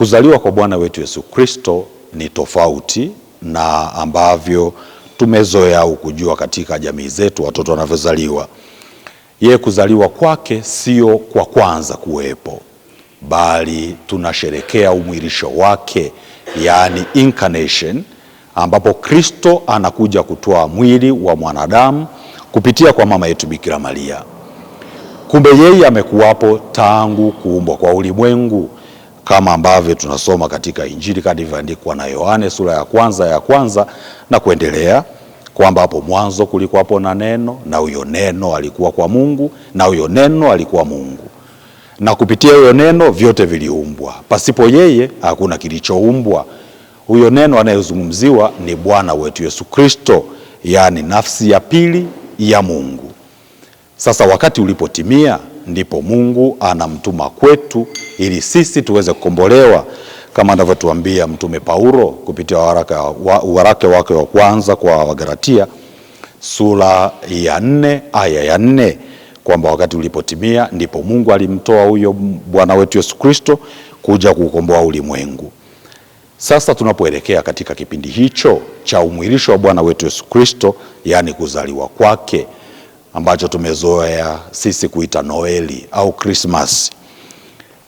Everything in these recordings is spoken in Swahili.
Kuzaliwa kwa Bwana wetu Yesu Kristo ni tofauti na ambavyo tumezoea au kujua katika jamii zetu watoto wanavyozaliwa. Yeye kuzaliwa kwake sio kwa kwanza kuwepo, bali tunasherekea umwilisho wake, yaani incarnation, ambapo Kristo anakuja kutoa mwili wa mwanadamu kupitia kwa mama yetu Bikira Maria. Kumbe yeye amekuwapo tangu kuumbwa kwa ulimwengu kama ambavyo tunasoma katika Injili kadi ilivyoandikwa na Yohane sura ya kwanza ya kwanza na kuendelea kwamba hapo mwanzo kulikuwa hapo na neno na huyo neno alikuwa kwa Mungu na huyo neno alikuwa Mungu na kupitia huyo neno vyote viliumbwa, pasipo yeye hakuna kilichoumbwa. Huyo neno anayezungumziwa ni Bwana wetu Yesu Kristo, yaani nafsi ya pili ya Mungu. Sasa wakati ulipotimia ndipo Mungu anamtuma kwetu ili sisi tuweze kukombolewa, kama anavyotuambia Mtume Paulo kupitia waraka waraka wake wa kwanza kwa Wagalatia sura ya nne aya ya nne kwamba wakati ulipotimia ndipo Mungu alimtoa huyo Bwana wetu Yesu Kristo kuja kukomboa ulimwengu. Sasa tunapoelekea katika kipindi hicho cha umwilisho wa Bwana wetu Yesu Kristo, yaani kuzaliwa kwake ambacho tumezoea sisi kuita Noeli au Christmas.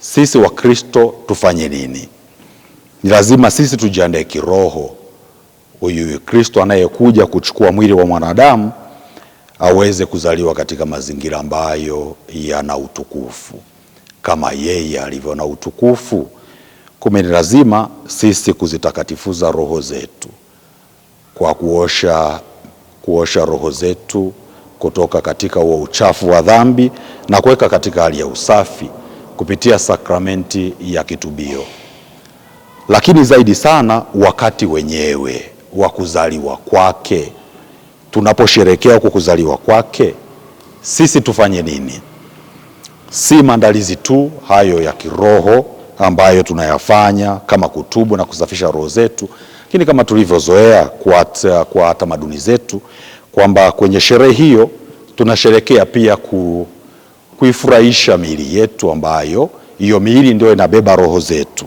Sisi Wakristo tufanye nini? Ni lazima sisi tujiandae kiroho, huyu Kristo anayekuja kuchukua mwili wa mwanadamu aweze kuzaliwa katika mazingira ambayo yana utukufu kama yeye alivyo na utukufu. Kumbe ni lazima sisi kuzitakatifuza roho zetu kwa kuosha, kuosha roho zetu kutoka katika huo uchafu wa dhambi na kuweka katika hali ya usafi kupitia sakramenti ya kitubio, lakini zaidi sana wakati wenyewe wa kuzaliwa kwake. Tunaposherekea huko kuzaliwa kwake, sisi tufanye nini? Si maandalizi tu hayo ya kiroho ambayo tunayafanya kama kutubu na kusafisha roho zetu, lakini kama tulivyozoea kwa, kwa tamaduni zetu kwamba kwenye sherehe hiyo tunasherekea pia ku, kuifurahisha miili yetu ambayo hiyo miili ndio inabeba roho zetu.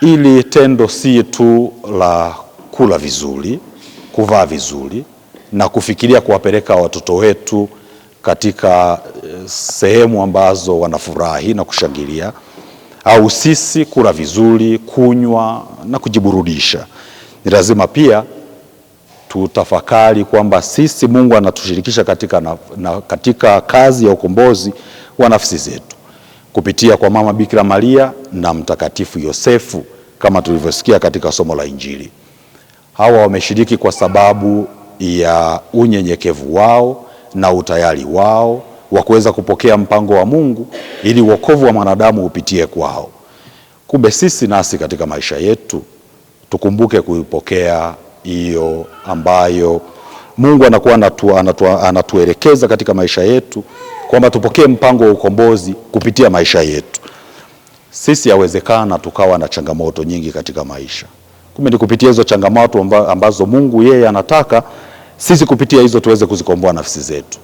Ili tendo si tu la kula vizuri, kuvaa vizuri na kufikiria kuwapeleka watoto wetu katika eh, sehemu ambazo wanafurahi na kushangilia au sisi kula vizuri, kunywa na kujiburudisha, ni lazima pia tutafakari kwamba sisi Mungu anatushirikisha katika, na, na katika kazi ya ukombozi wa nafsi zetu kupitia kwa Mama Bikira Maria na Mtakatifu Yosefu kama tulivyosikia katika somo la Injili. Hawa wameshiriki kwa sababu ya unyenyekevu wao na utayari wao wa kuweza kupokea mpango wa Mungu ili wokovu wa mwanadamu upitie kwao. Kumbe sisi nasi katika maisha yetu tukumbuke kuipokea hiyo ambayo Mungu anakuwa anatu, anatu, anatuelekeza katika maisha yetu kwamba tupokee mpango wa ukombozi kupitia maisha yetu. Sisi yawezekana tukawa na changamoto nyingi katika maisha, kumbe ni kupitia hizo changamoto ambazo Mungu yeye anataka sisi kupitia hizo tuweze kuzikomboa nafsi zetu.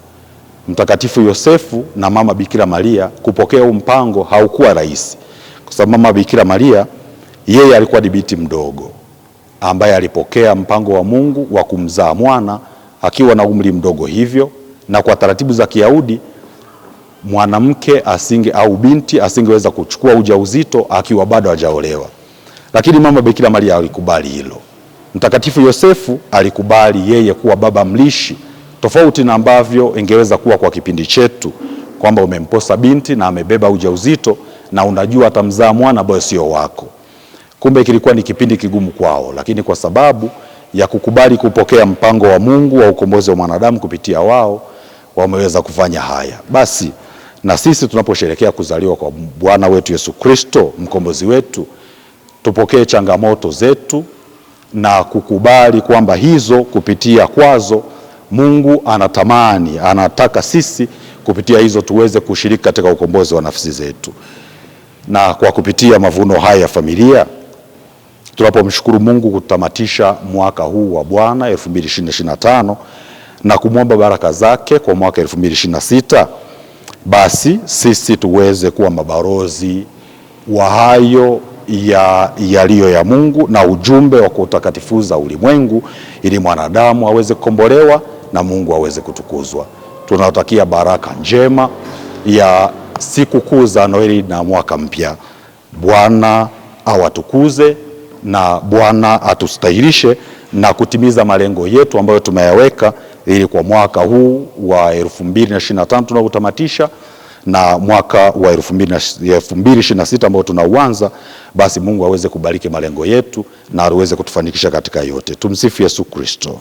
Mtakatifu Yosefu na Mama Bikira Maria kupokea huu mpango haukuwa rahisi, kwa sababu Mama Bikira Maria yeye alikuwa dibiti mdogo ambaye alipokea mpango wa Mungu wa kumzaa mwana akiwa na umri mdogo hivyo, na kwa taratibu za Kiyahudi mwanamke asinge au binti asingeweza kuchukua ujauzito akiwa bado hajaolewa, lakini mama Bikira Maria alikubali hilo. Mtakatifu Yosefu alikubali yeye kuwa baba mlishi, tofauti na ambavyo ingeweza kuwa kwa kipindi chetu kwamba umemposa binti na amebeba ujauzito na unajua atamzaa mwana ambayo sio wako. Kumbe kilikuwa ni kipindi kigumu kwao, lakini kwa sababu ya kukubali kupokea mpango wa Mungu wa ukombozi wa mwanadamu kupitia wao, wameweza kufanya haya. Basi na sisi tunaposherekea kuzaliwa kwa Bwana wetu Yesu Kristo mkombozi wetu, tupokee changamoto zetu na kukubali kwamba hizo kupitia kwazo Mungu anatamani, anataka sisi kupitia hizo tuweze kushiriki katika ukombozi wa nafsi zetu, na kwa kupitia mavuno haya ya familia tunapomshukuru Mungu kutamatisha mwaka huu wa Bwana 2025 na kumwomba baraka zake kwa mwaka 2026, basi sisi tuweze kuwa mabarozi wa hayo yaliyo ya, Mungu na ujumbe wa kutakatifuza ulimwengu ili mwanadamu aweze kukombolewa na Mungu aweze kutukuzwa. Tunawatakia baraka njema ya sikukuu za Noeli na mwaka mpya. Bwana awatukuze na Bwana atustahilishe na kutimiza malengo yetu ambayo tumeyaweka ili kwa mwaka huu wa 2025 tunautamatisha na mwaka wa 2026 ambao tunauanza, basi Mungu aweze kubariki malengo yetu na aweze kutufanikisha katika yote. Tumsifu Yesu Kristo.